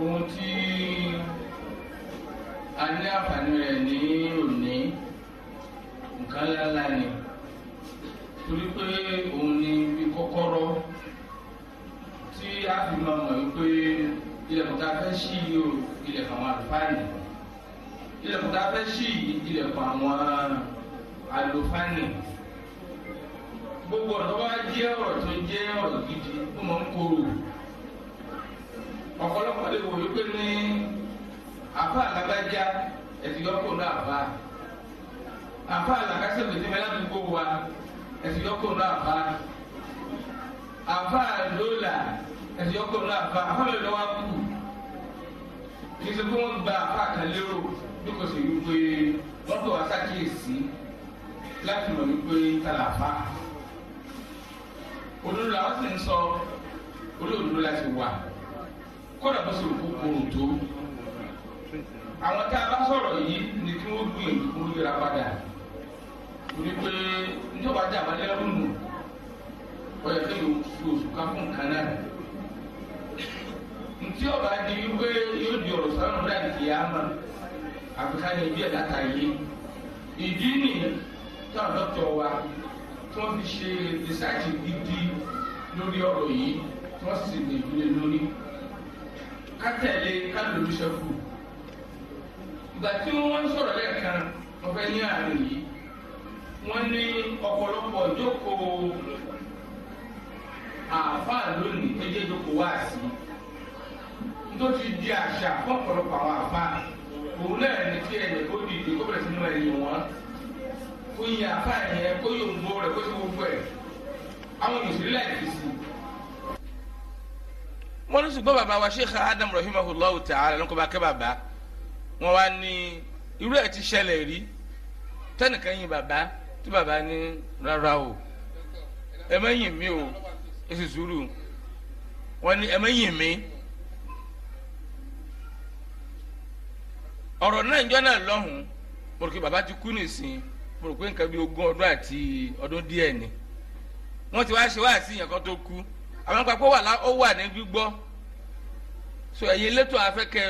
ohun tí a ní àǹfààní rẹ̀ ní òní nǹkan ńláńlá ni torí pé òun ni bí kọ́kọ́rọ́ tí a fi máa mọ̀ wípé ilẹ̀kùn tá a fẹ́ ṣí yìí o ilẹ̀kùn àwọn àlùfáà ni ilẹ̀kùn tá a fẹ́ ṣí yìí ilẹ̀kùn àwọn àlùfáà ni gbogbo ọ̀rọ̀ wa jẹ́ ọ̀rọ̀ tó jẹ́ ọ̀rọ̀ gidi ó máa ń korò ọ̀pọ̀lọpọ̀ lè wò wípé ní àfa àlágbájá ẹ̀sìyọ́kò náà fa àfa àlágbájá mẹ̀tẹ́mẹ́ ládùúgbò wa ẹ̀sìyọ́kò náà fa àfa àlólà ẹ̀sìyọ́kò náà fa àfa lè lọ́wọ́ kù kì í ṣe fún wọn gba àfa kan lérò bí kò sì wípé wọ́n tó wá sákìyèsí láti mọ̀ wípé tàlàfà olórí làwọn sì ń sọ olóòdúró láti wà. kódà bó ṣe kó korò tó àwọn tá a bá sọ̀rọ̀ yìí ni kí wọ́n gbìyànjú kó yẹra padà torí pé níjọba dà wá lẹ́rù nù ọ̀yẹ́ kí yóò fi oṣù ọba di wípé yóò di ọ̀rọ̀ kì í ama àfikà ní ibi ẹ̀dá ta yìí ìdí ni wa tí wọ́n fi ṣe rìsáàjì gidi lórí ọ̀rọ̀ yìí tí wọ́n sì lè ká tẹ̀lé ká lòlú ṣẹ́fù ìgbà tí wọ́n ń sọ̀rọ̀ lẹ́ẹ̀kan wọ́n fẹ́ ní àárín yìí wọ́n ní ọ̀pọ̀lọpọ̀ jókòó àáfàá lónìí tó jẹ́ jókòó wá sí tó ti di àṣà fún ọ̀pọ̀lọpọ̀ àwọn àáfàá òun náà ní kí ẹ̀jẹ̀ kó dìde kó bẹ̀rẹ̀ sí ní ẹ̀yìn wọn kó yin àáfàá yẹn kó yòǹgbò rẹ̀ kó ṣe gbogbo ẹ̀ àwọn òṣèré láì wọ́n ní ṣùgbọ́n bàbá wa sheikh adam rahimahullahu ta'ala ló ń kọ́ bá kẹ́ bàbá wọ́n wá ní irú ẹ̀ ti ṣẹlẹ̀ rí tẹ́nìkan yìn bàbá tí bàbá ní rárá o ẹ má yìn mí o ẹ sì sùúrù wọ́n ní ẹ má yìn mí. ọ̀rọ̀ náà ìjọ náà lọ́hùn mo rò pé bàbá ti kú nìsín mo rò pé nǹkan bíi ogún ọdún àti ọdún díẹ̀ ni wọ́n ti wá ṣe wáàsí yẹn kan tó kú àwọn gbàgbọ́ wà lá ó wà ní gbígbọ́ so ẹ̀yin lẹ́tò afẹ́kẹ́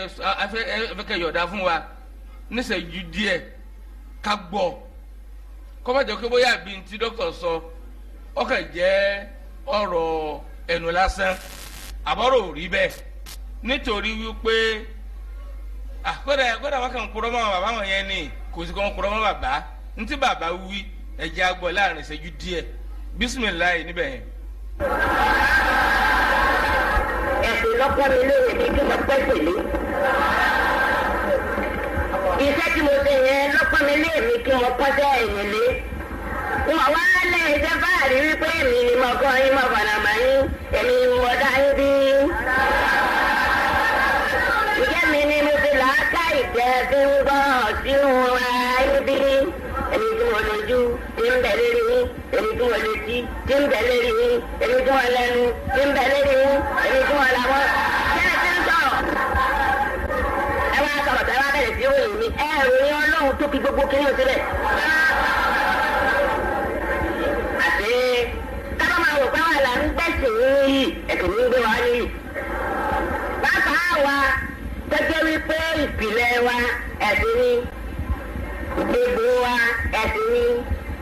afẹ́kẹ́ yọ̀dá fún wa níṣẹ́jú díẹ̀ ká gbọ́ kọ́mọ̀jọ́ pé bóyá bí ntí dókítà sọ ọkàn jẹ́ ọ̀rọ̀ ẹnu lásán àbọ̀rò rí bẹ́ẹ̀ nítorí wípé àkọ́dà àkọ́dà wọn kàn ń kúrọ́ mọ́ bàbá wọn yẹn ni kò sí kọ́ ń kúrọ́ mọ́ bàbá ntí bàbá wí ẹ̀jẹ̀ àgbọ̀ láàrin ìṣẹ́jú díẹ̀ bísímìláì ẹ̀sìn lọ́pọ̀ mi léèrè kí kí n pẹ́ tèmi. iṣẹ́ tí mo ṣe yẹn lọ́pọ̀ mi léèrè kí n kọ́ṣẹ́ ẹ̀yìn lé. wọ́n wá lẹ́ iṣẹ́ fáàrí wípé èmi ni mo kọ́ yín mo fọ̀nà mọ́ yín èmi ni mo dá yín bí. ìjẹ́ mi ni mo fi làákà ìjẹ́ fi ń gbọ́ ọ̀sìn wọn ayé bí. èmi tí mo lójú ti ń bẹ̀ yín èmi tí wọn lè ti tí ń bẹ lórí yín èmi tí wọn lẹ́nu tí ń bẹ lórí yín èmi tí wọn làwọn. bẹ́ẹ̀ ti ń sọ̀rọ̀ ẹ wá sọ̀rọ̀ tẹ́ wá bẹ̀rẹ̀ sí òyìn mi ẹ ròyìn ọlọ́run tó kí gbogbo kiri sílẹ̀. àti kábà máa wò pé wàhálà ń gbẹ̀sìn yìí ẹ̀sìn ń gbé wa níyì. bàbá wa gẹ́gẹ́ wípé ìpìlẹ̀ wa ẹ̀sìn ni gbogbo wa ẹ̀sìn ni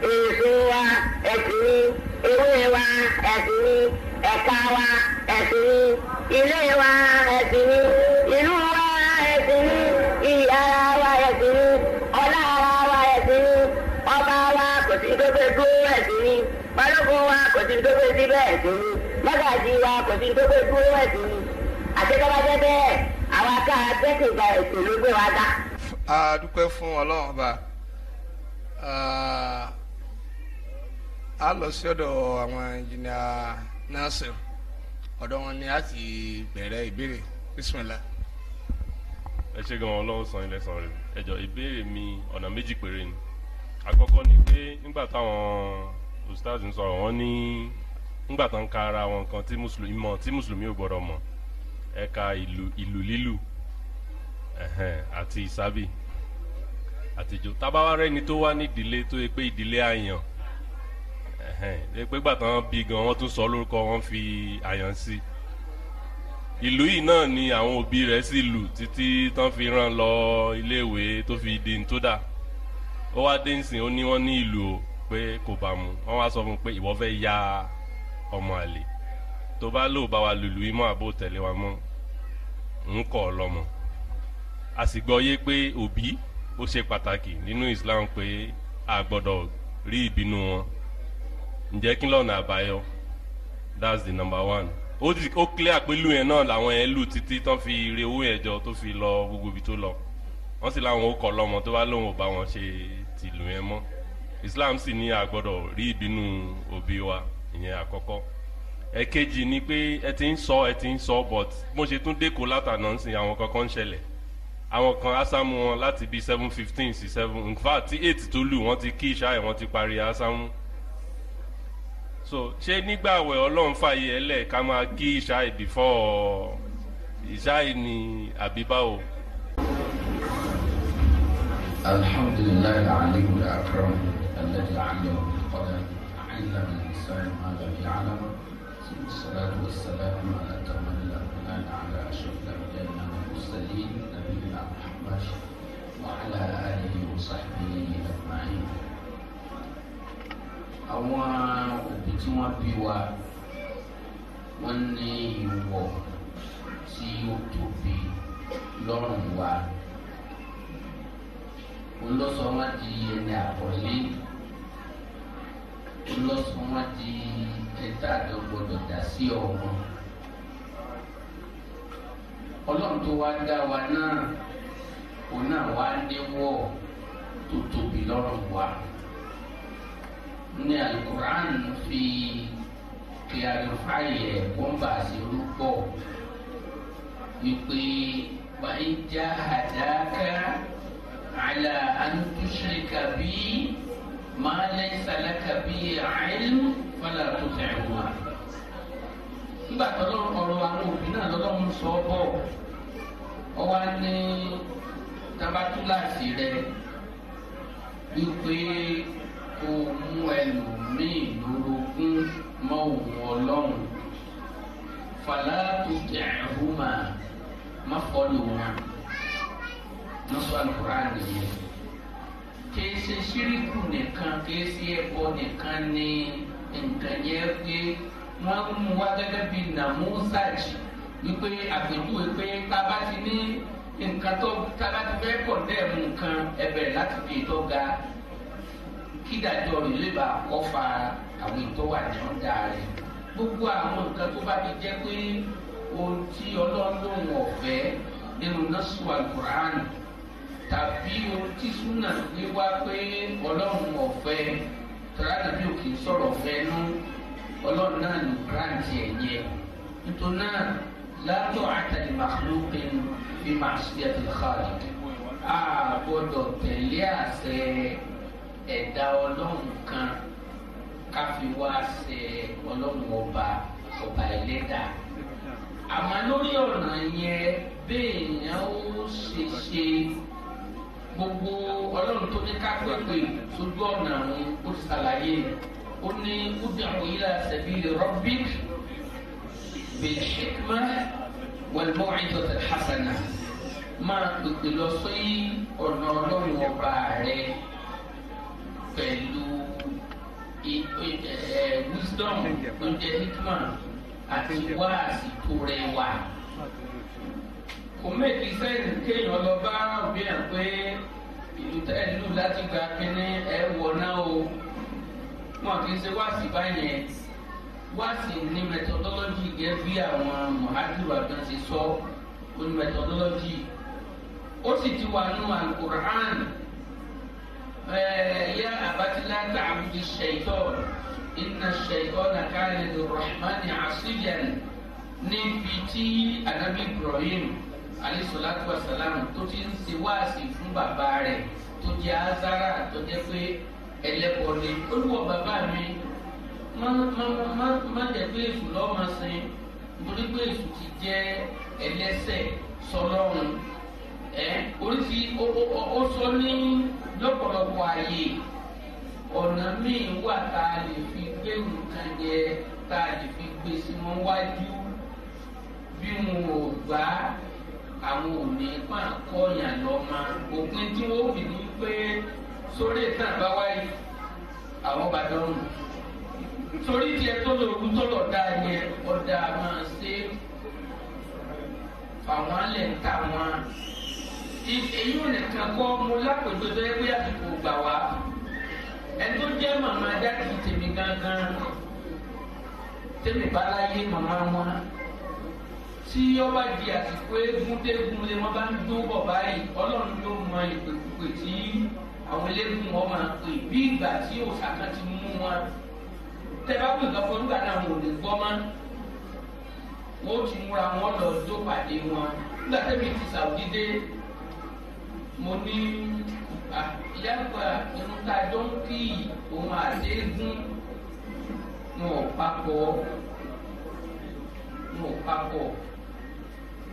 èso wa ẹ̀sìn ni ewé wa ẹ̀sìn ni ẹ̀ka wa ẹ̀sìn ni ilé wa ẹ̀sìn ni ìlú wa ẹ̀sìn ni ìyára wa ẹ̀sìn ni ọlá wa ẹ̀sìn ni ọba wa kò sí gbogbo dúró ẹ̀sìn ni balógun wa kò sí gbogbo síbẹ̀ ẹ̀sìn ni mọ́gàjì wa kò sí gbogbo dúró ẹ̀sìn ni àtẹ́tọ́bájẹ́ bẹ́ẹ̀ àwọn akára tẹ́sí ìgbà ẹ̀sìn ló gbé wa dá. a dúpẹ́ fún ọlọ́run ọba a lọ sí ọ̀dọ̀ àwọn engineer Nasir ọ̀dọ̀ wọn ni a ti bẹ̀rẹ̀ ìbéèrè bisimilah. ẹ ṣe gan-an ọlọ́run san ilẹ̀ san rẹ̀ ẹ jọ ìbéèrè mi ọ̀nà méjì péré ni àkọ́kọ́ ni pé nígbà táwọn ustaz ń sọ̀rọ̀ wọ́n ní nígbà tán ka ara wọn kan tí mùsùlùmí mọ̀ tí mùsùlùmí ò gbọ́dọ̀ mọ̀ ẹ̀ka ìlù ìlù lílù àti ìsábì àtijọ́ tábàwárẹ́ ni tó wá ní ìdílé tó yẹ pé ìdílé àyàn pé gbàtàn bí gan wọn tún sọ lórúkọ wọn fi àyàn sí ìlú yìí náà ni àwọn òbí rẹ̀ sì lù títí tán fi rán lọ iléèwé tó fi di tó dà ó wá dé nsìn ó ní wọn ní ìlú o pé kò bá mu wọn wá sọ fún pé ìwọ fẹ́ ya ọmọ àlè tó bá lò bá wa lùlù imọ àbò tẹ̀lé wa mọ́ ń kọ̀ ọ lọ́mọ a sì gbọ́ yé pé òbí ó ṣe pàtàkì nínú Islam pé a gbọ́dọ̀ rí ìbínú wọn ǹjẹ́ kí lọ́nà àbáyọ that's the number one ó ti ó clear pé lù yẹn náà làwọn yẹn lù títí tán fi rí owó yẹn jọ tó fi lọ gbogbo ibi tó lọ wọ́n sì láwọn ó kọ́ lọ́mọ tó bá lóun ò bá wọn ṣe tìlù yẹn mọ́ islam sì ní àgbọ́dọ̀ rí ìbínú òbí wa ìyẹn àkọ́kọ́ ẹ̀kejì ni pé ẹ ti ń sọ ẹ ti ń sọ but mo ṣe tún dẹ́kọ̀ látànà ń sìn àwọn kankan ń ṣẹlẹ̀ àwọn kan ásámù wọn láti bíi seven fifteen sí seven in fact tí eight tó lù wọ́n ti kí ìṣá ẹ̀ wọ́n ti parí ásámù so ṣé nígbà àwẹ̀ ọlọ́run fààyè ẹlẹ̀ ká máa kí ìṣáì before ìṣáì ni àbí báwo. alhamdulilayi alim akram alladhi alim qadar alim sa'im ala ya'lam salatu wa salam ala bí wa wọ́n ní ìwọ̀ tí ó tóbi lọ́rùn wa olóso wọn di ẹni àkọlé olóso wọn di ẹta àjọ gbọ́dọ̀ dá sí ọmọ Ọlọ́run tó wá dá wa náà òun náà wá níwọ̀ tó tóbi lọ́rùn wa ní alukur'an fi kìlárìfáì ẹ̀ wọ́n bá a sì rú pọ̀ wípé wàá já àdáká àlà àǹtúṣìkà bí máa laysa laka bí ilm fala tuti'huma. nígbà tó lọ́rùn ọ̀rọ̀ àwọn òbí náà lọ́lọ́run sọ ọ́ ọ wá ní tabatúláàsì rẹ̀ wípé kó mú ẹlòmíì lórogún mọ́ òun ọlọ́run fàlàtú jẹ̀húmà má fọlù wọn lọ́sọ̀ àlùkùrá nìyẹn kìí ṣe ṣíríkù nìkan kìí ṣe ẹ̀bọ nìkan ní nǹkan yẹn pé wọ́n mú wá gẹ́gẹ́ bí nàmúsájì wípé àpèjúwe pé tá a bá ti ní nǹkan tó tá a bá ti fẹ́ kọ̀ dẹ́ẹ̀mù nǹkan ẹ̀bẹ̀rẹ̀ láti fi tó ga kídàjọ rẹ̀ lè bá kọ́ fa àwọn ìtọ́wà ní ọ̀dà rẹ̀ gbogbo àwọn nǹkan tó bá fi jẹ́ pé ohun tí ọlọ́run ọ̀fẹ́ nínú nọ́ọ̀sù àlùkùránì tàbí ohun tí súnà ní wá pé ọlọ́run ọ̀fẹ́ tàràdà bí òkè sọ̀rọ̀ fẹ́nu ọlọ́run náà ní gírántì ẹ̀yẹ nítorí náà látọ̀ àtàlẹ́ màlúùkìn fi màṣíyàtì xaalẹ̀ àgbọ̀dọ̀ tẹ̀lé àṣẹ ẹ̀dá ọlọ́run kan ká fi wá ṣe ọlọ́run ọba ọba ẹlẹ́dà àmọ́ lórí ọ̀nà yẹn béèyàn ó ṣe ṣe gbogbo ọlọ́run tó ní ká pèpè sójú ọ̀nà òun ó ti ṣàlàyé ó ní ud'u ila sabili rabbik bil hikma wal hasana máa pèpè lọ sí ọ̀nà ọlọ́run ọba rẹ pẹ̀lú eh, wisdom tó jẹ́ hikma àti wá àsìkò rẹ̀ wà. kò mẹ́kì sẹ́yìn kéèyàn lọ bá òbí ẹ̀ pé ìlú tẹ́lú láti gba kínní ẹ̀ wọ̀ náà o wọn kì í ṣe wá sí báyẹn wá sí ní methodology gẹ́gẹ́ bí àwọn muhajiru àgbọn ṣe sọ ó ní methodology ó sì ti wà nínú alukur'an. يا أبت لا تعبد الشيطان إن الشيطان كان للرحمن عصيا níbi tí anabi Ibrahim alayisalaatu wasalaam tó ti ń ṣe wáàsí fún bàbá rẹ̀ tó jẹ́ azara tó jẹ́ pé ẹlẹ́bọ ni olúwọ bàbá mi má jẹ́ pé èṣù lọ́ọ́ máa sin nítorí pé èṣù ti jẹ́ ẹlẹ́ṣẹ̀ sọlọ́run. So ẹ oríṣi ó sọ ní lọ́pọ̀lọpọ̀ ààyè ọ̀nà míì wà tá a lè fi gbé nǹkan jẹ tá a lè fi gbé sí wọn wájú bí wọn ò gbá àwọn òní pàà kọyàn ma òpin tí wọ́n fi ní pé sórí ìtàn bá wáyé àwọn bá dọ́rùn torí tiẹ̀ tó lòókù tó lọ́ọ́ dáa yẹ ọ̀dà máa ṣe fàwọn alẹ̀ ń ta wọn. èyí ò nìkan kọ́ mo lápèjọ tó yẹ pé àdìgbò gbà wá ẹni tó jẹ́ màmá tèmi tèmi màmá wọn tí ọba di àsìkò eégún déégún lé wọn bá ń dún bọ̀ báyìí ọlọ́run ló mọ ìpèkùpè tí àwọn wọn máa pè bí ìgbà tí òṣàkà ti mú wọn náà wọn ò lè gbọ́ mọ́ wọn ó ti múra wọn lọ dó pàdé wọn nígbà ti sàwùdí dé. mo ní ìyáàgbà irun tá a jọ ń kí òun àti eégún wọn ò papọ̀ wọn ò papọ̀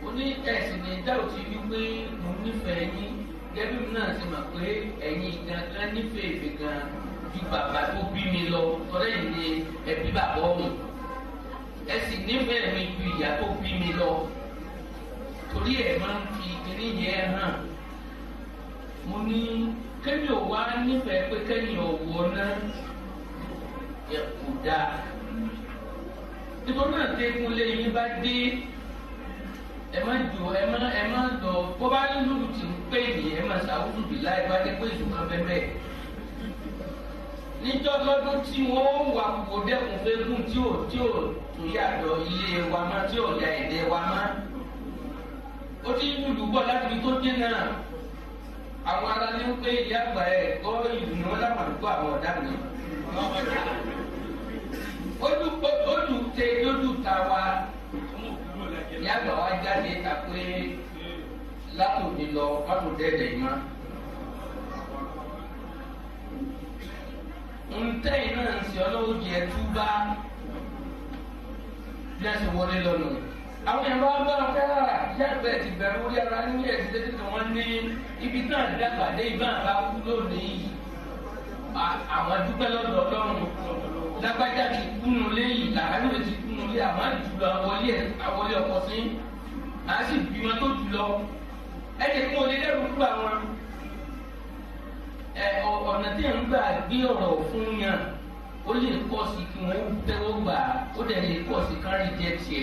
ó ní ẹ̀sìn ní dáhùn ti wípé mo nífẹ̀ẹ́ yín gẹ́gẹ́ bí náà ti mọ̀ pé ẹ̀yin gangan nífẹ̀ẹ́ ìfẹ́ gan ju bàbá tó bí mi lọ tọ́lẹ̀ ní ẹbí bàbá ọ̀hún ẹ nífẹ̀ẹ́ mi ju ìyá tó bí mi lọ torí ẹ̀ máa ń fi kíní yẹn hàn mo ní kẹ́mi ò wá nífẹ̀ẹ́ pé kẹ́mi ò wọ náà yẹ kó dáa nítorí náà tẹ́kun lé yín bá dé ẹ má jò ẹ má ẹ má lọ bó bá ní lùlù tí ń pè ní ẹ má sàwùjù bí láì bá dé pé ìlú kan bẹ́ẹ̀ bẹ́ẹ̀ níjọ́ lọ́dún tí wà kó dẹ́kun fẹ́gùn tí ò tí ò tó yàtọ̀ ilé wa má tí ò ya ẹ̀dẹ́ wa má ó ti ń lùlù bọ̀ láti ibi tó dé náà àwọn ará ní pé ìyá àgbà ẹ̀ gbọ́ ìdùnnú láwọn àdúgbò àwọn ọ̀daràn yìí. olù tẹ lójú ta wa ìyá àgbà wa jáde ta pé látòmí lọ mọ́tò dẹ́dẹ̀ yìí máa. ntẹ́ iná ń sọ lọ́wọ́ jẹ́ túbá bí a ṣe wọlé lọ́nà. àwọn ẹ̀rọ agbára yàtọ̀ ẹ̀ ti bẹ̀rù orí ara ní ẹ̀ ti ní ibi náà dàgbà dé ibà kú lónìí àwọn dúpẹ́ lọ́dọ̀ ọlọ́run lágbájá ti kúnú léyìn làánú ti kúnú lé àwọn àjùlọ àwọlé ẹ̀ àwọlé ọkọ sí àá sì bí wọn tó jùlọ ẹni kún olè lẹ́rù gbà wọn ọ̀nà tí ń gbà gbé ọ̀rọ̀ fún yàn ó lè kọ́ sí kí wọ́n tẹ́wọ́ gbà ó dẹ̀ lè kọ́ sí kárí jẹ́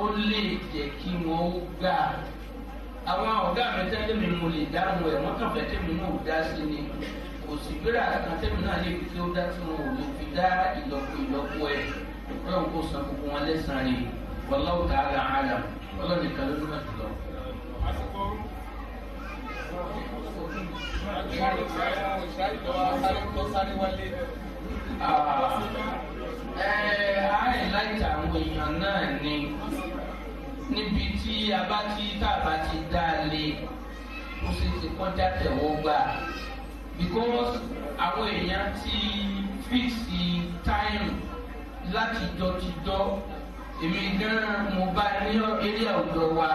ó lè jẹ́ kí wọ́n ó gbà àwọn ọ̀gá mi tẹ́lẹ̀ mi mo lè dáhùn ẹ̀ wọ́n kàn fẹ́ tẹ́mi náà ò dá sí ni kò sì gbéra kan tẹ́mi náà lè fi kí ó dá sí wọn ò lè fi dá ìlọ́po ìlọ́po ẹ̀ ọlọ́run kò san gbogbo wọn lẹ́sàn-án rẹ̀ wallahu ta'ala alam ọlọ́run nìkan ló dúnà jùlọ. àsìkò ọ̀run ah àìláìta àwọn èèyàn náà ni níbi tí a bá ti tá a bá ti dá a lé kó sì ti kọjá tẹ̀wọ́ gbà because àwọn èèyàn ti fíìsì táìmù látijọ́ tijọ́ èmi gan mo bá ní eré ọ̀dọ́ wa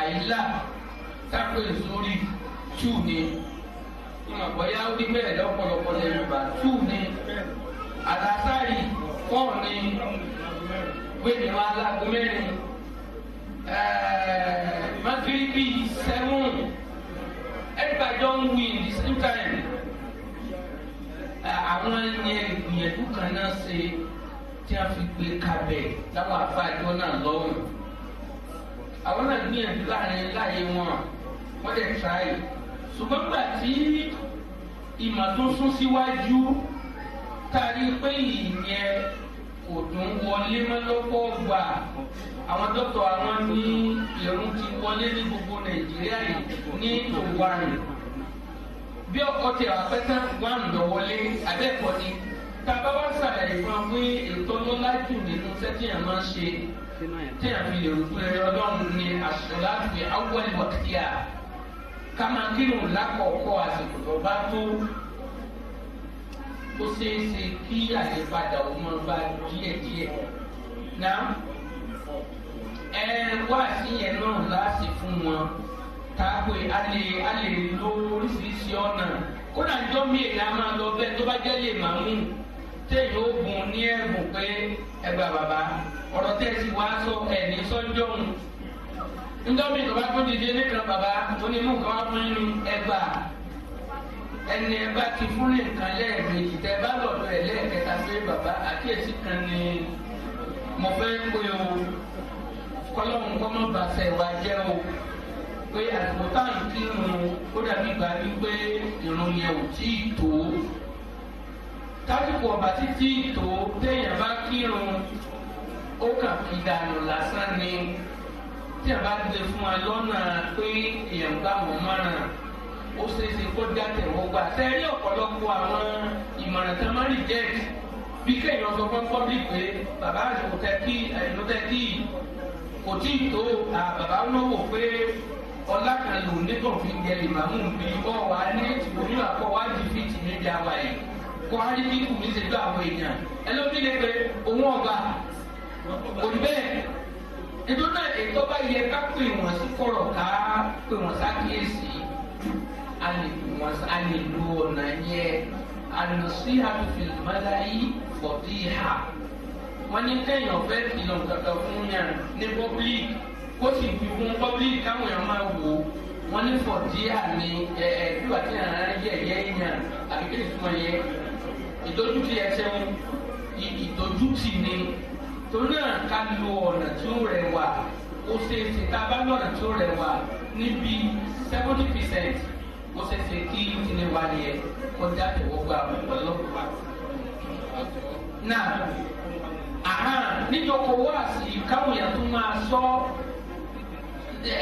àìlà tápẹ̀ sórí tù ní ìmọ̀ bọ́yá ó ní bẹ́ẹ̀ lọ́pọ̀lọpọ̀ lẹ́nu bá tù ní àtàtàrí fọ́ọ̀nì wíìnì wa láago mẹ́rin magiribi sẹ́wọ̀n everybody don win the same time àwọn yẹn ìgbìyànjú kan náà ṣe tí a fi gbé kabẹ̀ láwọn àfáàjọ náà lọ́rùn àwọn náà gbìyànjú láàrin láàyè wọn wọ́n dẹ̀ tíráyè ṣùgbọ́n gbà tí ìmọ̀ tó sún síwájú tari pé ìyẹn kò dùn wọlé mọ́ lọ́pọ̀ gbà àwọn dókítà àwọn ní ìrún ti wọlé ní gbogbo nàìjíríà yìí ní òwúwarì bí ọkọ tí a fẹ́ tán wọn lọ wọlé abẹ́ẹ̀kọ́ ni tàbá wá sàlàyé fún wa pé ètò lọ́lá jù nínú sẹ́tì yẹn máa ń ṣe tí a fi lè rúkú rẹ ọlọ́run ní àṣọlá fi awọ́lẹ̀ wọ́kìtìyà ká máa kírun lákọ̀ọ́kọ́ àsìkò tó tó ó ṣeé ṣe kí àyípadà ó máa bá díẹ̀díẹ̀ náà ẹ wá sí yẹn náà láti fún wọn tààpé alè alè lo oríṣiríṣi ọ̀nà kódà jọ́ mi èèyàn máa lọ bẹ́ẹ̀ tó bá jẹ́ lè máa mú téèyàn ó bùn ní ẹ̀bùn pé ẹgbà bàbá ọ̀rọ̀ tẹ́sí wá sọ ẹ̀ ní sọ́jọ́ òun mi tó bá tó dìde nìkan bàbá onímù kan wá fún yín ẹgbà. ẹni ẹ bá ti fún ní nǹkan lẹ́ẹ̀mejì tẹ bá lẹ́ẹ̀kẹta pé bàbá àkíyèsí kan ni mo fẹ́ pé o kọ́lọ́hún bá jẹ́ o pé àsìkò táwọn ti ń ó dàbí ìgbà wípé yẹn ò tí ì tó tásìkò títí tó fún wa lọ́nà pé ó ṣeéṣe kó dá tẹ̀wọ́ gbà sẹ́rí ọ̀pọ̀lọpọ̀ àwọn ìmọ̀ràn tán máa reject bí kéèyàn sọ fún public pé bàbá àsìkò tẹ kí àìló tẹ kí kò tí ì tó bàbá náwó pé ọlá kan lò nígbọ̀n fi jẹ ìmàmù bí bọ́ wa ní orí àkọ́wájú fi tì mí bí àwa yìí kọ́ ayé kíkù mi ṣe lọ àwọn èèyàn ẹlòmí lè pe òun ọba òun bẹ́ẹ̀ nítorí náà ètò bá yẹ ká pè wọ́n sí kọ̀rọ̀ ká pè wọ́n sá kíyèsí ali lè wọn a lè lo ọ̀nà yẹ an-nasihatu fil mala'i fadiha wọ́n ní kéèyàn fẹ́ kìlọ̀ kankan fún yàn ní public kó sì fi fún public káwọn èèyàn máa wò ó wọ́n ní fọ̀díà ní ẹ ẹ bí wàá ti yàrá yẹ̀yẹ́ yàn àbí kí ni fún ẹ yẹ ìdójútì ẹsẹ̀ wọn ìdójútì ni torí náà ká lo ọ̀nà tí ó rẹwà ó ṣe é ṣe tá a bá lọ́nà tí ó rẹwà níbi seventy percent ó ṣẹ̀ṣẹ̀ kí kíni wá ni yẹ kó dáàbò gbogbo àwọn ọlọ́pàá. náà àhán níjọkọ̀ wáàsí káwọn èèyàn tún máa sọ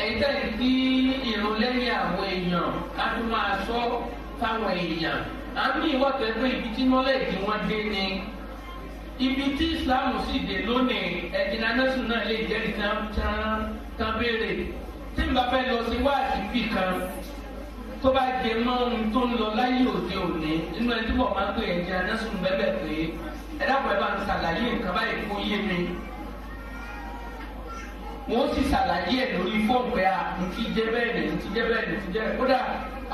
ẹ̀yìn tẹ̀lé kí irun lẹ́yìn àwọn èèyàn ká tún máa sọ fáwọn èèyàn àmì ìwọ́tẹ̀ pé ibi tí nọ́lẹ̀dì wọn dé ni ibi tí Islam sì dé lónìí ẹ̀dínlá nẹ́sùn náà lè jẹ́ ìtàn tán tán béèrè tí n bá fẹ́ lọ sí wáàsí bì kan tó bá jẹ mọ́ ohun tó ń lọ láyé òde òní nínú ẹni tí wọ́n máa ń pè ẹ̀jẹ̀ anásùn bẹ́ẹ̀ pé ẹ dákun ẹ bá ń ṣàlàyé nǹkan báyìí kó yé mi. wọ́n sì ṣàlàyé ẹ̀ lórí fóònù pé à ti jẹ́ bẹ́ẹ̀ ní ti jẹ́ bẹ́ẹ̀ ní ti jẹ́ kódà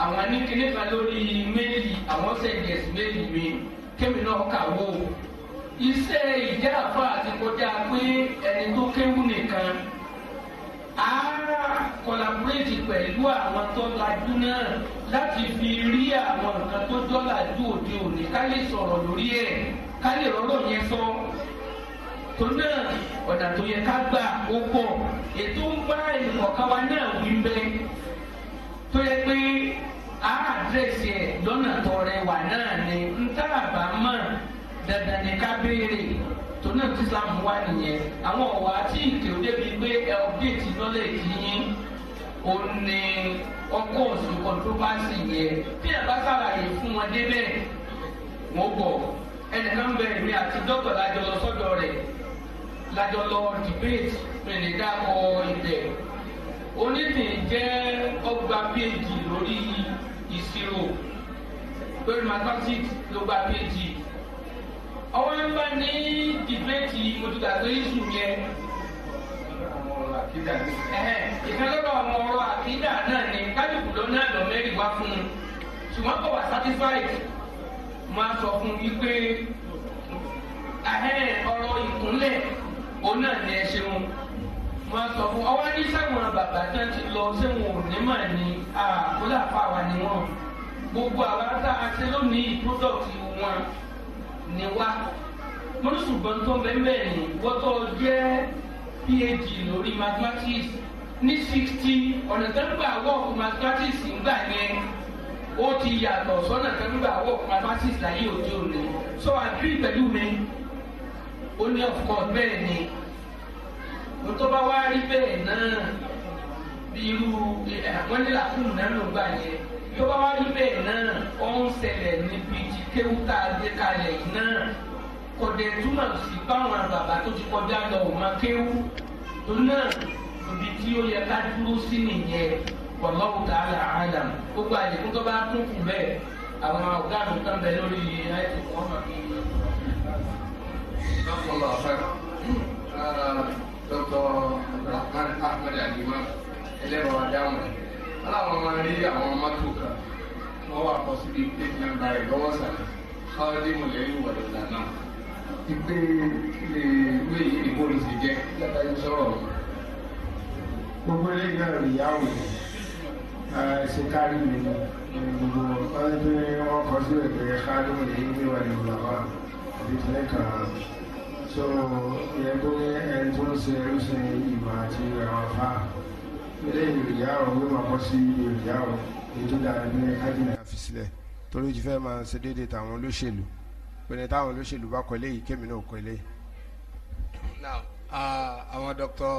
àwọn aníkíní kan lórí méèlì àwọn sẹ́ẹ̀dì ẹ̀sìn méèlì mi kémi náà kà wó. iṣẹ́ ìjẹ́ àfọ́ àti kọjá pé ẹni tó kéwú nìkan á kọlàbúrẹ́tì pẹ̀lú àwọn tó lajú náà fi rí àwọn nǹkan tó dọ́là ju òde òní ká lè sọ̀rọ̀ lórí ẹ̀ ká lè rọ́rọ̀ yẹn sọ tó náà ọ̀nà tó yẹ ká gbà ó pọ̀ ètò ń bá ìkọ̀kan wa náà wí ń ni ń tá àbámọ̀ dandan ni torí náà tí islam wá nìyẹn àwọn ọ̀wà tí ìkè òde bíi pé ẹ̀ọ́gẹ́tì lọ́lẹ̀ kì í yín òun ni ọkọ̀ òsì kọ̀ǹtróbásì yẹn bí ẹ̀ bá sàlàyé fún wọn débẹ̀ wọ́n bọ̀ ẹnìkan bẹ̀rẹ̀ mi àti dọ́kọ̀ lájọ lọ sọ́dọ̀ rẹ̀ lájọ lọ debate pẹ̀lẹ́ dákọ̀ ibẹ̀ onídìí jẹ́ ọgbà péjì lórí ìṣirò pẹ̀lú mathematics ló gba péjì ọwọ́ ń bá ní dìbẹ́tì mọ̀tòdàgbé yíṣù yẹn ìkàlọ́dọ̀ àwọn ọ̀rọ̀ àkídà náà ni náà lọ mẹ́rin wá fún un ṣùgbọ́n kò wá satisfied máa sọ fún un ọ̀rọ̀ ìkúnlẹ̀ òun náà ni ẹ ṣeun máa sọ fún ọwọ́ ní sẹ́wọ̀n bàbá tí wọ́n ti lọ sẹ́wọ̀n òní mà ní ah, ni wọ́n gbogbo àwọn tá ṣe lónìí product ni wá mo ní ṣùgbọ́n tó bẹ́ẹ̀ ni wọ́tọ́ jẹ́ phd lórí mathematics ní sixty ọ̀nà tẹ́lifà wọ́ọ̀kù mathematics ń gbà yẹn ó ti yàtọ̀ sọ́nà tẹ́lifà wọ́ọ̀kù mathematics láyé òde òní so àdúrí pẹ̀lú mi ó ní of course bẹ́ẹ̀ ni mo tó bá wá rí bẹ́ẹ̀ náà bí irú eh, eh, wọ́n ní làkúùnù náà ló gbà yẹn tó bá wá rí bẹ́ẹ̀ náà ó ń ṣẹlẹ̀ níbi tí kéwútà adé kalẹ̀ náà kò dé túmọ̀ sí báwọn bàbá tó ti kọjá lọ ò máa kéwú tó náà ibi tí ó yẹ ká dúró sí nìyẹn wallahu ta'ala alam gbogbo àdìgún tó bá tún kù bẹ́ẹ̀ àwọn ọ̀gá mi kan bẹ lórí àìsàn wọn máa fi yẹ. bákan dr abdulrahman ahmed alimam ẹlẹ́rọ adáhùn aláwọn máa rí àwọn mọ́tò kan wọ́n wà pọ̀ síbi pé ní agbára ìlọ́wọ́ sàlẹ̀ káwọ́dé mọ̀lẹ́yìn wọ̀lọ́dà náà ìpè lè wé yìí ní bóòlù sì jẹ́ lẹ́tà yìí sọ̀rọ̀ gbogbo eléyìí náà rí yàwó ṣe kárí mi gbogbo ọdún wọn kọ sí ẹgbẹ́ kárí mọ̀lẹ́yìn ní wàlẹ̀ ìgbàwá àbí tẹ̀lé kan so ìyẹn tó ní ẹni tó ń ṣe ẹrú ṣe ìgbà àti àwọn fáà eléyìí ìrìyà ọ̀run yóò máa bọ́ sí ìrìyà ọ̀run èyí tó dára ní kájínà fi sílẹ̀ torí ti fẹ́ máa ṣe déédéé tàwọn olóṣèlú pẹ̀lú táwọn olóṣèlú bá kọ́lé yìí kémi náà kọ́lé. now àwọn Dr.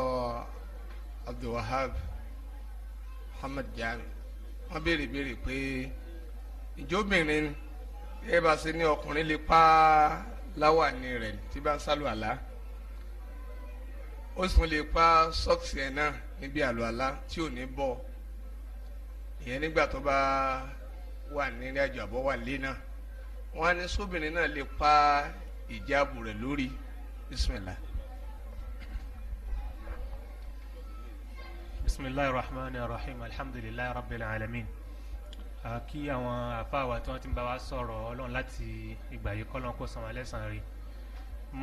Abdulwahab Muhammad Jami wọ́n béèrè béèrè pé ìjóbìnrin ẹ bá ṣe ní ọkùnrin lè pa láwàní rẹ̀ tí bá ń sálù àlá ó sì tún lè pa sọ́ọ̀sì ẹ̀ náà níbi àlùalá tí ò ní bọ̀ ìyẹn nígbà tó bá wà nílé àjò àbọ̀ wà lé náà wọ́n á ní sóbìnrin náà lè pa ìjáàbù rẹ̀ lórí bisimilá. bisimilahi rahman rahim alhamdulilayi rabbil alamin kí àwọn àfáàwà tí wọ́n ti ń bá wa sọ̀rọ̀ ọlọ́run láti ìgbà yìí kọ́ kó sanwó alẹ́ sàn rí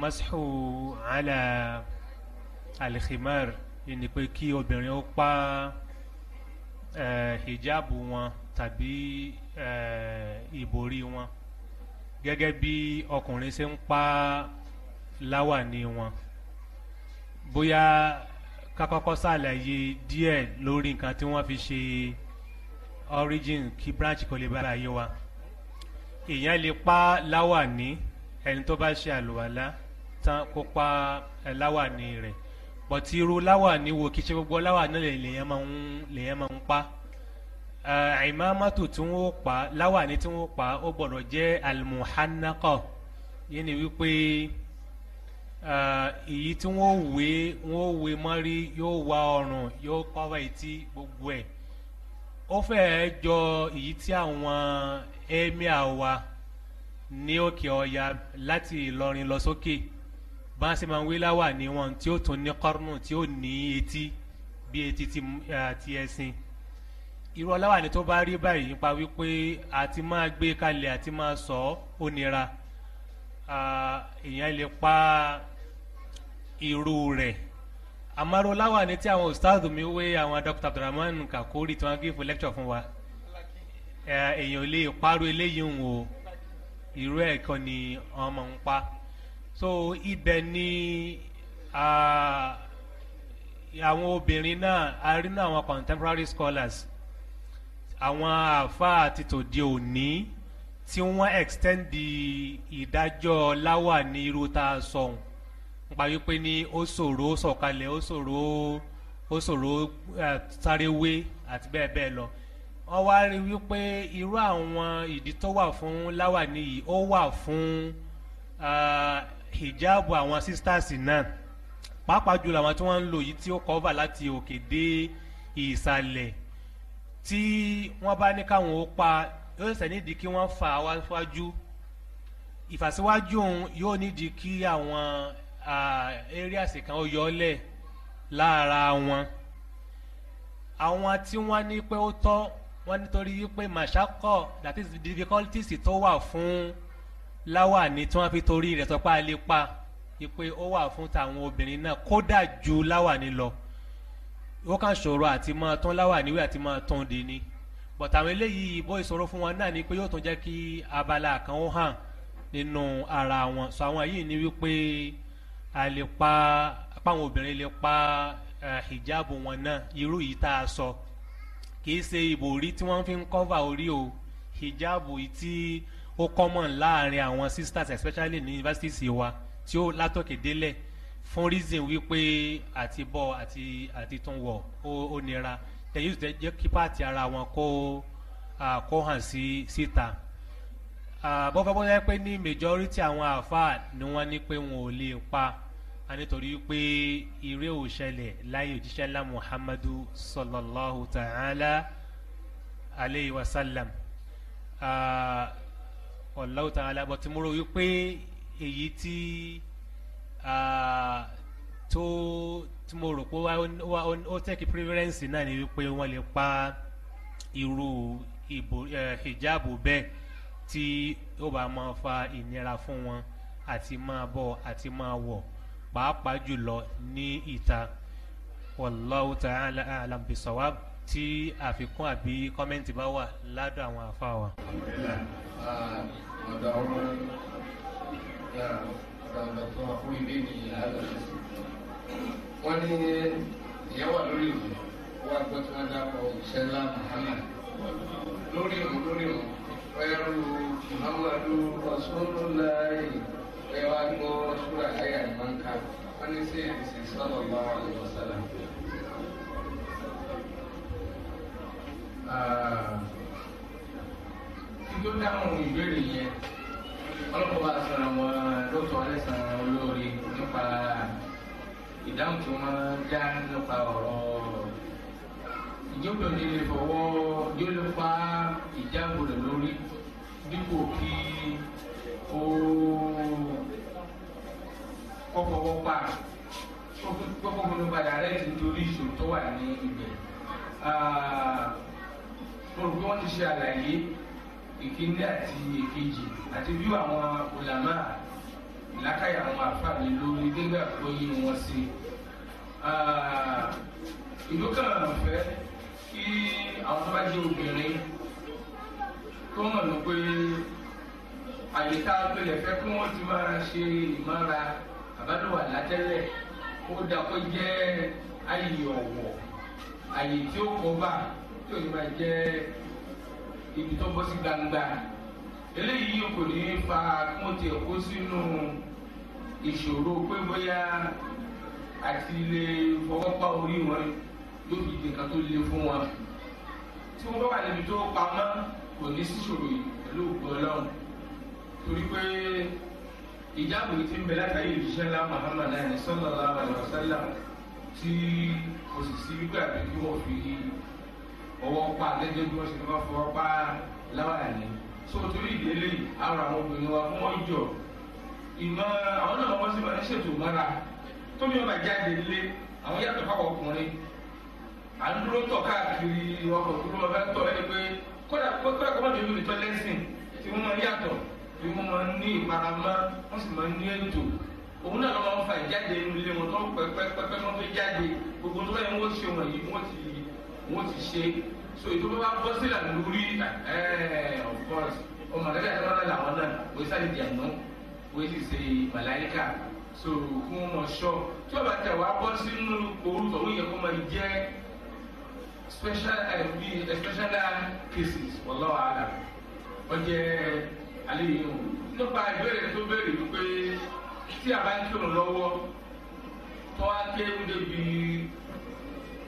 mashu ala alihimar ni pé kí obìnrin ó pa hijab wọn tàbí ìborí wọn gẹ́gẹ́ bí ọkùnrin ṣe ń pa láwàní wọn bóyá kákọ́kọ́ ṣàlàyé díẹ̀ lórí nǹkan tí wọ́n fi ṣe origin kí branch kò lè bára yé wa èèyàn lè pa láwàní ẹni tó bá ṣe àlùwàlá tán kó pa láwàní rẹ̀ bọ̀tí irú láwà níwo kí ṣe gbogbo láwà náà lèèyàn máa ń lèèyàn máa ń pa eh, àìmámátò tí wọ́n pa láwà ní tí wọ́n pa ó gbọ́dọ̀ jẹ́ almuhannakọ yẹn ni wípé eh, èyí tí wọ́n wé wọ́n wé mọ́rí yóò wá ọrùn yóò kọ́wá etí gbogbo ẹ̀ ó fẹ́ẹ́ jọ èyí tí àwọn emir wa ní òkè ọya láti Ìlọrin lọ sókè. So bá a ṣe máa ń wí láwà ní wọn tí ó tún ní kọ́rùnù tí ó ní etí bí etí ti ẹṣin irú ọláwà ni tó bá rí báyìí nípa wípé àti máa gbé kalẹ̀ àti máa sọ ó nira èèyàn lè pa irú rẹ̀ àmọ́rò láwà ni tí àwọn ustaz mi wé àwọn Dr. Abdulrahman Kakori tí wọ́n gé fún lecture fún wa èèyàn lè parọ́ eléyìí ń wò irú ẹ̀ kan ni wọ́n máa ń pa so ibẹ̀ ni àwọn obìnrin náà a náà àwọn contemporary scholars àwọn àáfàá àti tòde òní tí wọ́n extend ìdájọ́ láwà ní irú tá a sọ̀hún nípa wípé ní ó ṣòro sọ̀kalẹ̀ ó ṣòro ó ṣòro sárewé àti bẹ́ẹ̀ bẹ́ẹ̀ lọ wọ́n wá rí wípé irú àwọn ìdí tó wà fún láwà nìyí ó wà fún hijab àwọn sisters náà pàápàá jùlọ àwọn tí wọ́n ń lò yìí tí ó cover láti òkè dé ìsàlẹ̀ tí wọ́n bá ní káwọn ó pa yóò ṣẹ̀ nídìí kí wọ́n fà wá síwájú ìfàsíwájú òun yóò nídìí kí àwọn areas kan ó yọlẹ̀ lára wọn àwọn tí wọ́n ní pé ó tọ́ wọ́n nítorí pé màṣákọ̀ that is difficulties tó wà fún láwà ni tí wọ́n fi torí rẹ̀ sọpá ilé pa ipe ó wà fún tàwọn obìnrin náà kódà ju láwà ní lọ ó kàn ṣòro àti máa tán láwà níwé àti máa tán dè ní bọ̀tà àwọn eléyìí bó ìṣòro fún wọn náà ni pé yóò tún jẹ́ kí abala kan ó hàn nínú ara wọn sọ àwọn yìí ni wípé a lè pa páwọn obìnrin lè pa hijab wọn náà irú yìí tá a sọ kì í ṣe ìbòrí tí wọ́n fi ń kọ́fà orí o hijab yìí tí ó common láàrin àwọn sisters especially ní universities wa tí ó látòkè délẹ̀ fún reason wípé àti bọ́ àti àti tún wọ̀ ó ó nira then yóò jẹ́ kí pààtì ara wọn kó kó hàn sí síta bọ́fẹ́bọ́ yẹ pé ní majority àwọn àáfàá ni wọ́n ní pé wọn ò lè pa nítorí pé ire ò ṣẹlẹ̀ láyé òjíṣẹ́ ńlá muhammadu sallallahu ta'ala alayhi wa sallam. Uh, Wallahu ta'ala bọ̀ tí mo rò wípé èyí tí tó tí mo rò pé ó tẹ́kì pírẹ́fẹ́rẹ́nsì náà ni wípé wọ́n lè pa irú hijabu bẹ́ẹ̀ tí ó bá máa fa ìnira fún wọn àti máa bọ̀ àti máa wọ̀ pàápàá jùlọ ní ìta Wallahu ta'ala a'lam bisawab tí àfikún àbí kọ́mẹ́ǹtì bá wà ládọ̀ àwọn àfa wa. ọ̀dọ̀ ní ìlànà wọ́n lórí ìlú wọ́n á tí wọ́n dápọ̀ òṣìṣẹ́ Muhammad lórí ìlú lórí ìlú ẹrù Muhammadu Rasulullahi ẹ̀wà gbọ́ ṣúra ẹ̀yà ìmọ̀ǹkà wọ́n ní sí ìrìnsì sọ́lọ́ bá wà lọ́sọ̀lá. kí ehm, tó dáhùn ìbéèrè yẹn ọlọ́pàá bá sọ àwọn dókítà alẹ́sàn olóore nípa ìdáhùn tí wọ́n dá nípa ọ̀rọ̀ ìjọba òde lè fọwọ́ yóò lè fa ìjáàbò rẹ̀ lórí dípò kí ó kọ́kọ́wọ́ pa kọ́kọ́ gbọ́dọ̀ padà rẹ̀ nítorí ìṣòro tó wà ní ibẹ̀. Ehm, mo rò pé wọ́n ti ṣe àlàyé ìkíní àti ìkejì àti bí àwọn ulama làkàyà àwọn àfààní lórí dégbà tó yí wọn sí ìlú kan fẹ́ kí àwọn tó bá jẹ́ obìnrin tó mọ̀ ní pé àyè tá a kí wọ́n ti máa ṣe ìmọ̀ra àbádọ́wà látẹ́lẹ̀ ó dà kó jẹ́ àyè ọ̀wọ̀ àyè tí ó kọ́ bá kò ní máa jẹ́ ibi tó bọ́ sí gbangba eléyìí kò ní fa kún ti kó sínú ìṣòro pé bóyá àti lè fọwọ́ pa orí wọn yóò fi di nǹkan tó le fún wọn tí wọ́n bá wà níbi tó pamọ́ kò ní síṣòro yìí pẹ̀lú ògbó ọlọ́run torí pé ìjáàbò ti ń bẹ látàrí ìjíṣẹ́ ńlá Muhammad náà ní sallallahu alaihi wasallam tí kò sì sí wípé àbí kí wọ́n fi yí ọwọ́ pa gẹ́gẹ́ bí wọ́n ṣe máa fọwọ́ pa láwàá ni so torí ìdílé àwọn àwọn obìnrin wa fún wọn jọ ìmọ̀ àwọn náà wọ́n sì máa ń ṣètò mọ́ra tó ní ọba jáde lé àwọn yàtọ̀ fáwọn ọkùnrin à ń dúró tọ̀ káàkiri ọkọ̀ tó lọ́ọ́ fẹ́ tọ̀ ẹni pé kódà kódà kọ́ mọ́tò ìlú ìtọ́ lẹ́sìn tí wọ́n máa yàtọ̀ tí wọ́n máa ní ìparamọ́ wọ́n sì máa ní ètò òun náà ló máa ń fa ìjáde inú ilé wọn tó ń pẹ́pẹ́pẹ́ tó ń fi jáde gbogbo tó bá wọ́n ṣe wọ̀nyí wọ́n ti wọ́n ti ṣe so ètò bá bọ́ sílẹ̀ lórí ẹ̀ of course ọmọ rẹ̀ yàtọ̀ lọ́dọ̀ làwọn náà wọ́n sáré jẹ̀mú wọ́n sì ṣe màláyíkà so kí wọ́n mọ̀ ṣọ́ tí ọba tẹ̀ wá bọ́ sínú orúkọ wọ́n yẹ kó máa jẹ́ special special cases wallahu a'lam ọjẹ́ alẹ́ yìí o nípa ìbéèrè tó béèrè wípé tí a bá ń kírun lọ́wọ́ tó wá kéwú débi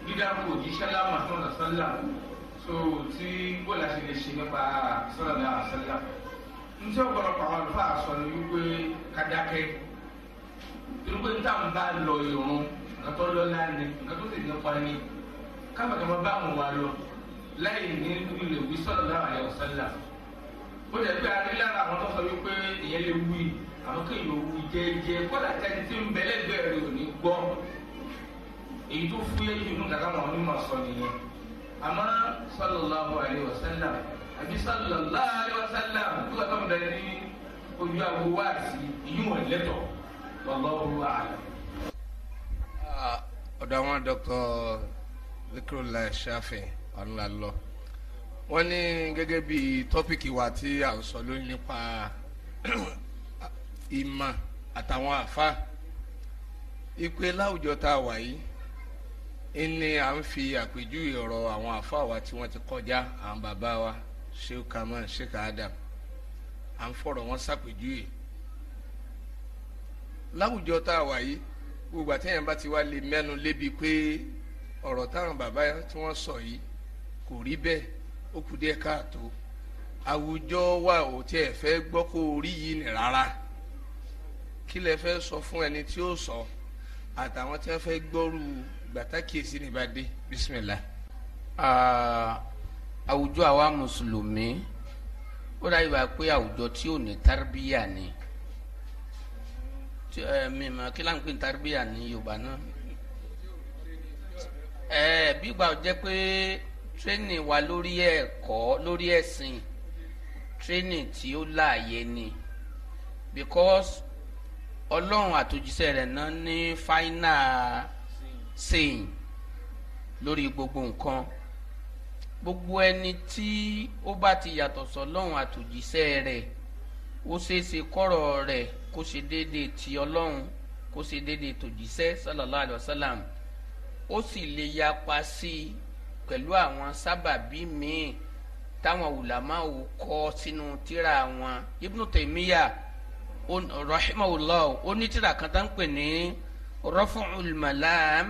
dídárúkọ òjíṣẹ́ lámà sọ̀rọ̀ sọ́là so tí bóòlà ṣe lè ṣe nípa sọ̀rọ̀ náà sọ́là n tí ọ̀pọ̀lọpọ̀ àwọn àlùfáà sọ ni wípé kàdákẹ́ torí pé níta ń bá lọ ìrún nǹkan tó lọ́lá ni nǹkan tó sì nípa ni kábàkàmọ́ bá àwọn wa lọ láì ní ilé wí sọ̀rọ̀ náà àyẹ̀wò sọ́là ó lè gbé adé lára àwọn tó sọ wípé ìyẹn lè wí àwọn kéèyàn wí jẹ́ẹ́jẹ́ kọ́dà èyí tó fúyẹ́ jù nǹkan táwọn onímọ̀ sọ nìyẹn àmọ́ sallallahu alayhi wa sallam àbí sallallahu alayhi wa sallam tó kàtọ́ bẹ̀ ní ojú àgbo wá sí ìyíwọ̀n lẹ́tọ̀ wallahu a'lam. Ah, ọ̀dọ̀ àwọn dọ́kọ̀ Zikrullah Shafi ọ̀nlálọ́ wọ́n ní gẹ́gẹ́ bí tọ́pìkì wa tí à ń sọ lórí nípa ìmọ̀ àtàwọn àfa ìpè láwùjọ tá a wà yìí ni à ń fi àpèjúwe ọ̀rọ̀ àwọn àfa wa tí wọ́n ti kọjá àwọn bàbá wa Sheikh Kamal Sheikh Adam à ń fọ̀rọ̀ wọn ṣàpèjúwe láwùjọ tá a wà yìí gbogbo àtẹ̀yìn bá ti wá lè mẹ́nu lébi pé ọ̀rọ̀ táwọn bàbá tí wọ́n sọ yìí kò rí bẹ́ẹ̀ ó kù díẹ̀ káàtó àwùjọ wa ò tiẹ̀ fẹ́ gbọ́ kó rí yìí ní rárá kí lẹ fẹ́ sọ fún ẹni tí ó sọ. So àtàwọn tí wọ́n fẹ́ gbọ́rù gbàtàkìyèsí ní ìbàdí bisimilah. àwùjọ àwa mùsùlùmí ó dájú bá pé àwùjọ tí ò ní tárbíyà ni mi mọ kí láǹpẹ táribíyà ní yorùbá náà ẹ bí gbà jẹ́ pé tírénì wa lórí ẹ̀kọ́ lórí ẹ̀sìn tírénì tí ó láàyè ni because ọlọ́run àtòjíṣẹ́ rẹ̀ náà ní fáínà sèyìn lórí gbogbo nǹkan gbogbo ẹni tí ó bá ti yàtọ̀ sọ́lọ́run àtòjíṣẹ́ rẹ̀ ó ṣeéṣe kọ́rọ̀ rẹ̀ kó ṣe déédéé ti ọlọ́run kó ṣe déédéé tòjíṣẹ́ sallallahu alayhi wa sallam ó sì lè yapa sí i pẹ̀lú àwọn sábàbí míì táwọn ulama ò kọ sínú tírà wọn Ibn Taymiyyah rahimahullah onítìrà kan tá ń pè ní rafu'ul malam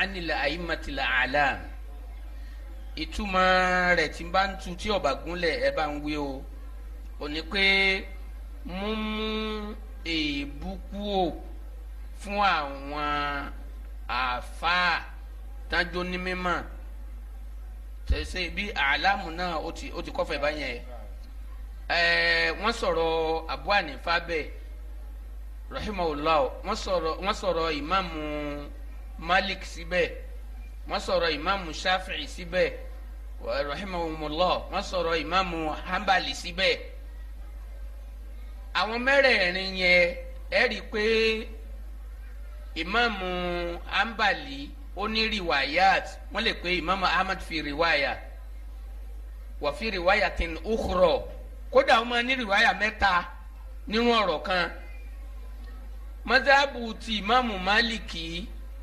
anil aimatil alam ìtumọ̀ rẹ̀ tí n bá ń tu tí ọba gúnlẹ̀ ẹ bá ń wí o ò ní pé mú mú èébú kúò fún àwọn àáfàá tájọ́ ní mímọ́ tẹ̀sẹ̀ bí àlámù náà ó ti kọ́fẹ̀ ẹẹ wọ́n sọ̀rọ̀ abu anifa bẹ́ẹ̀ rahimahullah wọ́n sọ̀rọ̀ wọ́n sọ̀rọ̀ imaamu malik síbẹ̀ wọ́n sọ̀rọ̀ imaamu shafi'i síbẹ̀ rahimahumullah wọ́n sọ̀rọ̀ imaamu hanbali síbẹ̀ àwọn mẹ́rẹ̀ẹ̀rin yẹn ẹ rí i pé imaamu hanbali ó ní lè pé imaamu ahmad fi wà fi tin ukhra kódà wọ́n máa ní rìwáyà mẹ́ta nínú ọ̀rọ̀ kan mọ́sáàbù ti ìmáàmù máàlìkì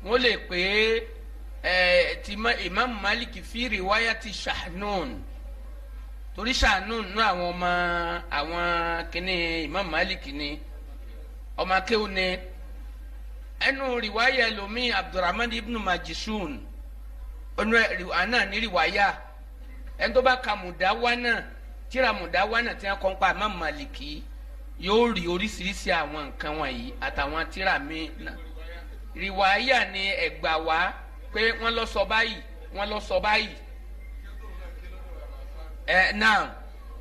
wọ́n lè pè é ti ìmáàmù máàlìkì fi rìwáyà ti ṣàánún torí ṣàánún nú àwọn ọmọ àwọn kìnnì ìmáàmù máàlìkì ni ọmọ akéwù ni ẹnu rìwáyà lomi abdulrahman ibn majisun ọ̀nà àná ní rìwáyà ẹni tó bá kàmùdá wá náà tíra mùdáwánà tí wọ́n kọ́ ń pa Imam Màlìkì yóò rí oríṣiríṣi àwọn nǹkan wọ̀nyí àtàwọn tíra mi náà rìwáyà ni ẹ̀gbà wá pé wọ́n lọ sọ báyìí wọ́n lọ sọ báyìí ẹ̀ náà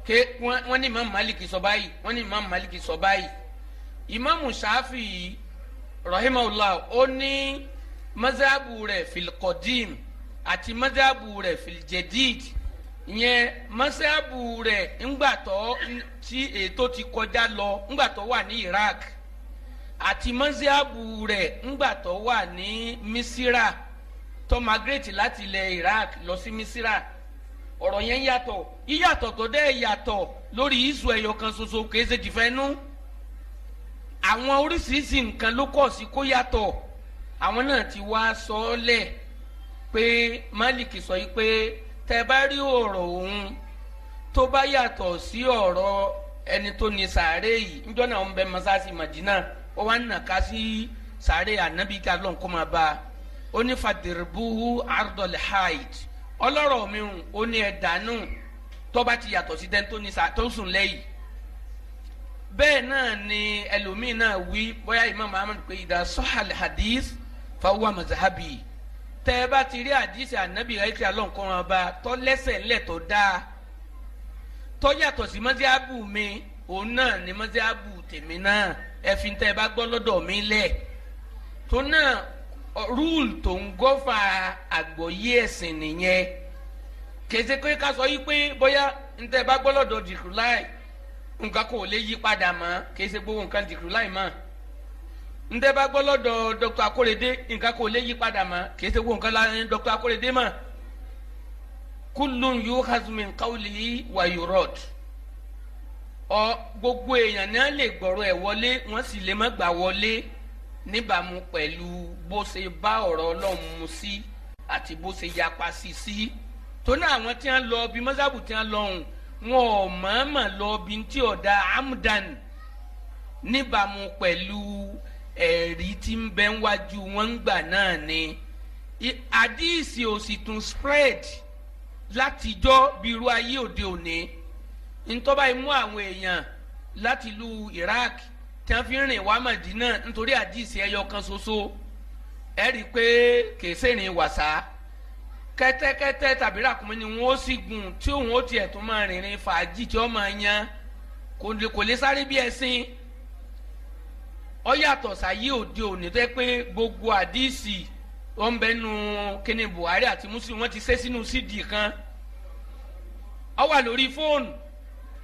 ké wọ́n ní Imam Màlìkì sọ báyìí wọ́n ní Imam Màlìkì sọ báyìí Imam Ṣáfìí rahimahullah ó ní mazabu rẹ̀ fil qadim àti mazabu rẹ̀ fil jadid ìyẹn mọ́sáàbù rẹ̀ ńgbàtọ́ tí ètò ti kọjá lọ ńgbàtọ́ wà ní Iraq àti mọ́sáàbù rẹ̀ ńgbàtọ́ wà ní Misira tó migrate láti ilẹ̀ Iraq lọ sí Misira ọ̀rọ̀ yẹn yàtọ̀ yíyàtọ̀ tó dẹ́ yàtọ̀ lórí ìṣù ẹ̀yọ kan ṣoṣo kìí ṣe tìfẹ́nú àwọn oríṣiríṣi nǹkan ló kọ̀ sí kó yàtọ̀ àwọn náà ti wá sọ ọ́ lẹ̀ pé Malik sọ yìí pé. tẹ bá rí ọ̀rọ̀ òun tó bá yàtọ̀ sí ọ̀rọ̀ ẹni tó ní sàárè yìí níjọ́ náà ń bẹ masasi madina ó wá ń nàka sí sàárè ànábì kí alọ́n kó máa bá a ó ní fàdèrèbúhù ardol haid ọlọ́rọ̀ mi ó ní ẹ̀dánù tó bá ti yàtọ̀ sí dẹ́ni tó ní sàárè tó ń sùn lẹ́yìn bẹ́ẹ̀ náà ni ẹlòmíì náà wí bóyá imam ahmed pé ìdá sọ́hàlì hadith fáwọn mazahabi tẹ ẹ bá ti rí àdìsí ànábì ayíṣẹ alọǹkọràn ọba tọ lẹ́sẹ̀ ńlẹ̀ tó dáa tọ yàtọ̀ sí mọsíábù mi òun náà ni mọsíábù tèmi náà fi ntẹ ẹ bá gbọ́ mi lẹ tó náà rúùlù tó ń gọ́fà ẹsìn nìyẹn kèsè ká pé bóyá ntẹ ẹ bá gbọ́ nǹkan ǹdẹ́ bá gbọ́ lọ́dọ̀ dr akorede nǹkan kò lè yí padà mọ́ kì í ṣe gbogbo nǹkan la ní dr akorede mọ́ kullun yukhaz min qawlihi wa yurad ọ gbogbo èèyàn náà lè gbọ́rọ̀ ẹ̀ wọlé wọ́n sì lè má gbà wọlé níbàámu pẹ̀lú bó ṣe bá ọ̀rọ̀ ọlọ́run mu sí àti bó ṣe yapa sí sí tóná àwọn tí wọ́n lọ bí mọ́sáàbù tí wọ́n lọ́hùn wọn ò mọ̀ọ́mọ̀ lọ bí tí ọ̀dà amdan níbàámu pẹ̀lú. ẹ̀rí tí ń bẹ wájú wọn gbà náà ni àdíìsì ò sì tún spread látijọ́ bí irú ayé òde òní ntọ́ba imú àwọn èèyàn láti ìlú Iraq tí wọ́n fi rìn wá Màdínà nítorí àdíìsì ẹyọ kan ṣoṣo ẹ rí i pé kèsèrìn wàsá kẹ́tẹ́kẹ́tẹ́ tàbí ràkúnmí ni wọ́n ó sì gùn tí òun ó tiẹ̀ tó máa rìnrìn fàájì tí ó máa yan kò lè sáré bí ẹṣin ọ yàtọ̀ sáyé òde òní tó yẹ pé gbogbo àdìsí wọn bẹ Buhari àti Muslim wọn ti ṣe sínú sídìí kan ọ wà lórí fóònù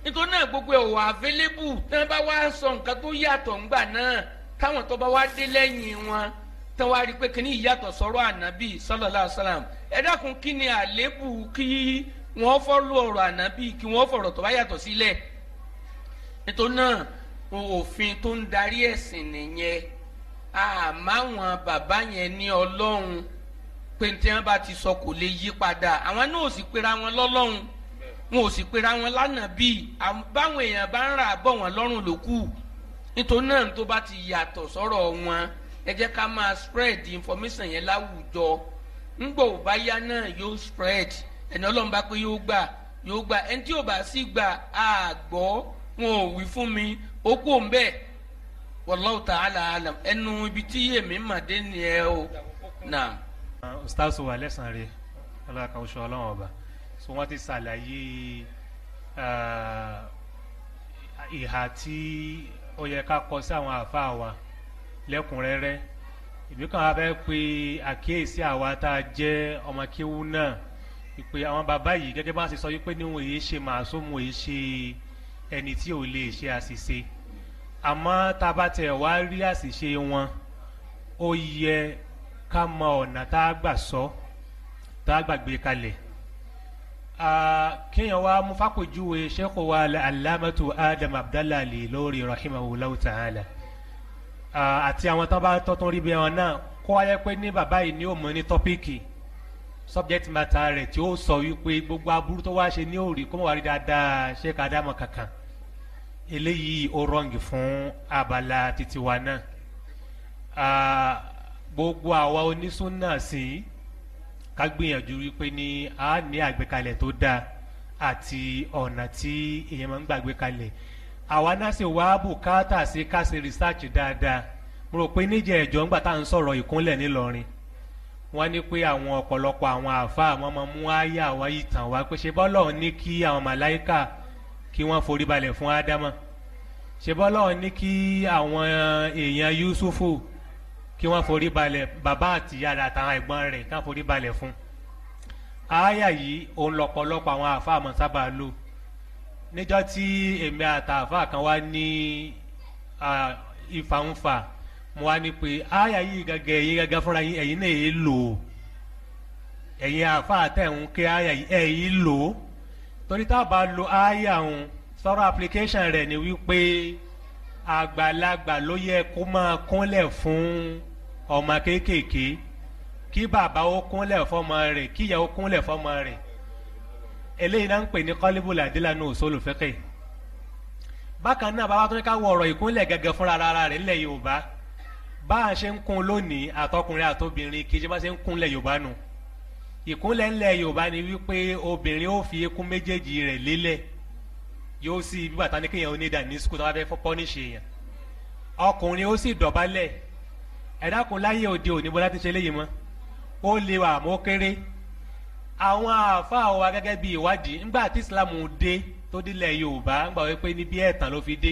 nítorí náà gbogbo ẹ̀ available tí bá wá sọ nǹkan tó yàtọ̀ ńgbà náà táwọn tó bá wá dé lẹ́yìn wọn tí rí i pé sọ̀rọ̀ ànábì ẹ dákun kí ni kí wọ́n òfin tó ń darí ẹ̀sìn nìyẹn àmọ́ àwọn bàbá yẹn ní ọlọ́run pé tí wọ́n bá ti sọ kò lè yí padà àwọn náà ò sì pera wọn lọ́lọ́run wọn ò sì pera wọn lánàá bíi báwọn èèyàn bá ń rà bọ̀ wọ́n lọ́rùn lókù nítorí náà tó bá ti yàtọ̀ sọ́rọ̀ wọn ẹ jẹ́ ká máa spread information yẹn láwùjọ ńgbọ̀ ò bá yá náà yóò spread ẹni ọlọ́run bá pé yóò gbà yóò gbà ẹni tí ò bá sì gbà á wọn ò wí fún mi O kó ń bẹ́ẹ̀ wallahu ta'ala alam ẹnu ibi tí yèmí màdé ni ẹ o náà. ustaz wa lẹ́sàn-án rẹ̀ ọlọ́ka oṣù ọlọ́run ọba so wọ́n ti ṣàlàyé uh, ìhà tí ó yẹ ká kọ sí àwọn àáfàá wa lẹ́kùnrẹ́rẹ́ ìbí kan wá fẹ́ pe àkíyèsí àwa tá a jẹ́ ọmọ kéwú náà ìpè àwọn bàbá yìí gẹ́gẹ́ bá ṣe sọ wípé níwọ̀n èyí ṣe màásùmù èyí ṣe ẹni tí ò lè ṣe àṣìṣe àmọ́ tá a bá tẹ̀ wá rí àṣìṣe wọn ó yẹ ká mọ ọ̀nà tá a gbà sọ tá a gbàgbé kalẹ̀ kéèyàn wá mú fàpèjúwe sẹ́kọ̀ọ́ wa alámẹ́tò adam abdallah lè lórí rahimahullahu ta'ala àti àwọn tó bá tọ́tún rí bí wọn náà kó wáyé pé ní bàbá yìí ni ó ní tọ́píìkì subject matter rẹ̀ tí ó sọ wípé gbogbo aburú tó wá ṣe ní òòrì kó mọ̀ wá rí dáadáa ṣé ká dá mọ̀ kankan eléyìí ó rọ́ǹgì fún abala títí wa náà gbogbo àwa onísúnà sí ká gbìyànjú wípé ní a ní àgbékalẹ̀ tó dáa àti ọ̀nà tí èèyàn máa ń gbàgbé kalẹ̀ àwa náà sì wá bùkátà sí ká ṣe research dáadáa mo rò pé níjẹ ẹjọ ńgbà tá à ń sọ̀rọ̀ ìkúnlẹ̀ nílọrin wọ́n ní pé àwọn ọ̀pọ̀lọpọ̀ àwọn àáfàá àwọn ọmọ mú àyà wá ìtàn wá pé ṣe bọ́lọ̀ ní kí àwọn màláìka kí wọ́n forí balẹ̀ fún ádámà ṣebọ́lọ́ ní kí àwọn èèyàn yusufu kí wọ́n forí balẹ̀ bàbá àti yàrá àtàwọn ẹ̀gbọ́n rẹ̀ ká forí balẹ̀ fún àáyà yìí òun lọ́pọ̀lọpọ̀ àwọn àfa àmọ́ sábà lò níjọ́ tí èmi àtàfà kan wá ní ìfàǹfà mo wá ní pé àáyà yìí gẹ́gẹ́ ẹ̀yin gẹ́gẹ́ fúnra yín ẹ̀yin náà èyí lò ẹ̀yin àfa àtẹ̀hún kí àáyà yìí ẹ̀yin lò ó torí tá a bá lo aya òun sọ̀rọ̀ application rẹ̀ ni wípé àgbàlagbà ló yẹ kó máa kúnlẹ̀ fún ọmọ kéékèèké kí bàbá ó kúnlẹ̀ fọmọ rẹ̀ kí ìyá ó kúnlẹ̀ fọmọ rẹ̀ eléyìí náà ń pè ní kọ́líbù làdílà ní òṣòlù fẹ́kẹ̀ bákan náà bàbá tó ní ká wọ ọ̀rọ̀ ìkúnlẹ̀ gẹ́gẹ́ fúnra ara rẹ̀ nílẹ̀ Yorùbá bá a ṣe ń kún lónìí àtọkùnrin àtobìnrin kì í ṣe bá ṣe ń kúnlẹ̀ Yorùbá nù. No ìkúnlẹ̀ ńlẹ̀ yorùbá ni wípé obìnrin ó fi eékún méjèèjì rẹ̀ lélẹ̀ yóò sì bí bàtà ní kéèyàn onídà ní sukùl tó bá fẹ́ pọ́nìṣì èèyàn ọkùnrin ó sì dọ̀bálẹ̀ ẹ̀dákun láyé òde òní bọ́lá ti ṣe léyìí mọ́ ó lè wà mọ́ kéré àwọn àáfàá wa gẹ́gẹ́ bí ìwádìí ńgbà tí islam dé tó dílẹ̀ yorùbá ńgbà wípé ní bí ẹ̀tàn ló fi dé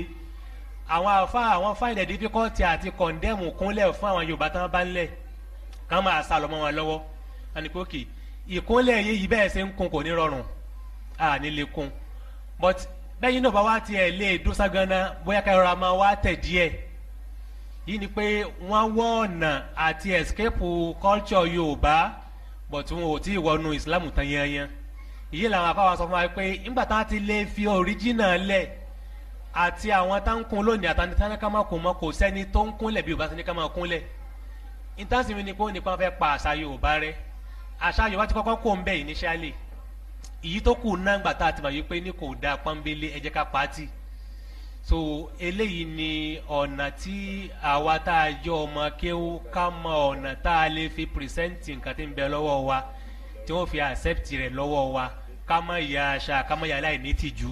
àwọn àáfàá àwọn find it difficult àti condemn kúnlẹ̀ fún àwọn yorùbá tán bá ń lẹ̀ kàn máa sá lọ́mọ wọn lọ́wọ́ àníkókè ìkúnlẹ̀ yìí bẹ́ẹ̀ ṣe ń kun kò ní rọrùn à ní lè kun but bẹ́yìn náà bá wá tiẹ̀ lé dóságánná bóyá kẹrọra máa wá tẹ̀ díẹ̀ yìí ni pé wọ́n wọ́ ọ̀nà àti escape culture Yorùbá but wọn ò tí ì wọnú Islam tán yanyan èyí làwọn afáwọn sọ fún wa pé nígbà tá a ti lè fi original lẹ̀ àti àwọn tá ń kun lónìí àtàwọn tí wọn ká máa kun mọ́ kò sẹ́ni tó ń kunlẹ̀ bí Yorùbá sẹ́ni ká máa kunlẹ̀ ìtàsí mi ni pé ó nípa fẹ́ pa àṣà Yorùbá rẹ̀ àṣà yorùbá ti kọ́kọ́ kó ń bẹ̀ initially èyí tó kù náà gbàtà àti màá yí pé ní kò dáa pọ́nbélé ẹ jẹ́ ká pàtì so eléyìí ni ọ̀nà tí àwa tá a jọ ọmọ kéwú ká mọ ọ̀nà tá a lè fi pírẹsẹ́ǹtì nǹkan tí ń bẹ lọ́wọ́ wa tí wọ́n fi accept rẹ̀ lọ́wọ́ wa ká má ya àṣà ká má ya aláìní tìjú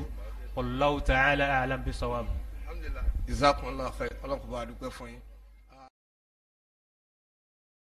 Wallahu ta'ala a'lam bis-sawab. alhamdulilayi jazakumullahu khair ọlọ́kùnrin bá a dúpẹ́ fún yín.